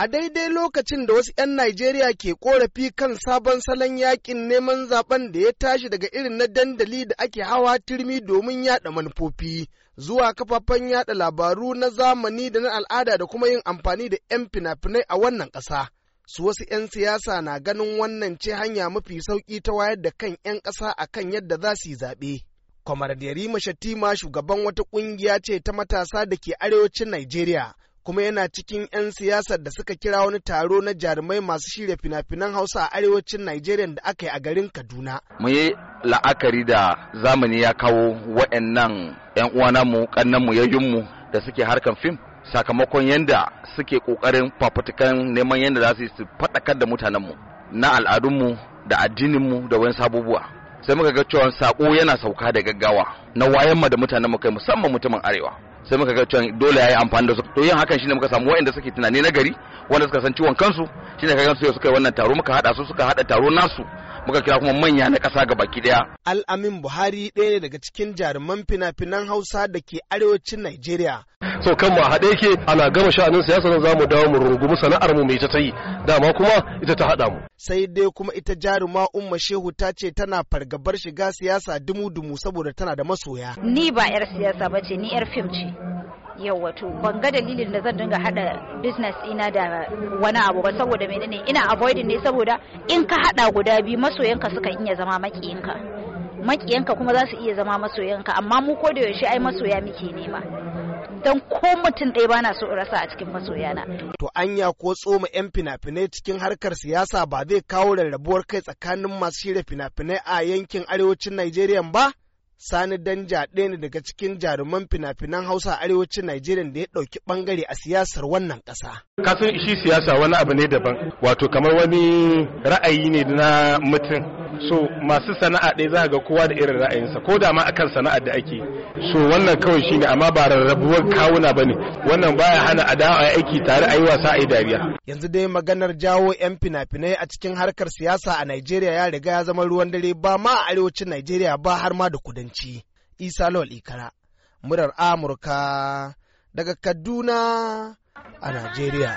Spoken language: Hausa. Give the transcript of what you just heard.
a daidai lokacin da wasu 'yan Najeriya ke korafi kan sabon salon yakin neman zaben da ya tashi daga irin na dandali da ake hawa turmi domin yada manufofi zuwa kafafen yada labaru na zamani da na al'ada da kuma yin amfani da 'yan fina-finai a wannan ƙasa. Su wasu 'yan siyasa na ganin wannan ce hanya mafi sauƙi ta wayar da kan 'yan ƙasa a kan yadda za su yi zaɓe. Kwamar Yarima Shatima shugaban wata ƙungiya ce ta matasa da ke arewacin Najeriya kuma yana cikin 'yan siyasar da suka kira wani taro na jarumai masu shirya fina-finan hausa a arewacin Najeriya da aka yi a garin kaduna mu yi la'akari da zamani ya kawo wa'annan 'yan uwana mu kannan mu yayyun da suke harkan fim sakamakon yanda suke kokarin fafutukan neman yanda za su yi su faɗakar da mutanen mu na al'adunmu da addinin mu da wani sabubuwa sai muka ga cewa sako yana sauka da gaggawa na mu da mutanen mu kai musamman mutumin arewa sai muka ga cewa dole yayi amfani da su to yin hakan shine muka samu wanda suke tunani na gari wanda suka san ciwon kansu shine kaga su suka yi wannan taro muka hada su suka hada taro nasu muka kira kuma manya na ƙasa ga baki ɗaya. Al'amin Buhari ɗaya ne daga cikin jaruman fina-finan Hausa da ke arewacin Najeriya. So kan mu haɗe ke ana gama sha'anin siyasa nan zamu dawo mu rungumi sana'ar mu mai ta ta yi dama kuma ita ta haɗa mu. Sai dai kuma ita jaruma Umma Shehu ta ce tana fargabar shiga siyasa dumu-dumu saboda tana da masoya. Ni ba 'yar siyasa ba ce ni 'yar fim ce. yawa to ban ga dalilin da zan dinga hada business ina da wani abu ba saboda menene ina avoiding ne saboda in ka hada guda biyu masoyanka suka iya zama makiyinka makiyanka kuma za su iya zama masoyanka amma mu ko da yaushe ai masoya muke nema dan ko mutum ɗaya bana so rasa a cikin masoyana. To anya ko tsoma 'yan fina-finai cikin harkar siyasa ba zai kawo rarrabuwar kai tsakanin masu shirya fina-finai a yankin arewacin Najeriya ba? Sani Danja ɗaya ne daga cikin jaruman fina-finan Hausa a arewacin Najeriya da ya ɗauki ɓangare a siyasar wannan ƙasa. Kasan ishi siyasa wani abu ne daban, wato kamar wani ra'ayi ne na mutum. so masu sana'a ɗaya za a ga kowa da irin ra'ayinsa ko da ma akan sana'ar da ake so wannan kawai shine amma ba rarrabuwar kawuna bane wannan baya hana adawa aiki tare a yi wasa a dariya yanzu dai maganar jawo yan fina-finai a cikin harkar siyasa a Najeriya ya riga ya zama ruwan dare ba ma a arewacin Najeriya ba har ma da kudanci Isa Lawal Ikara murar Amurka daga Kaduna a Najeriya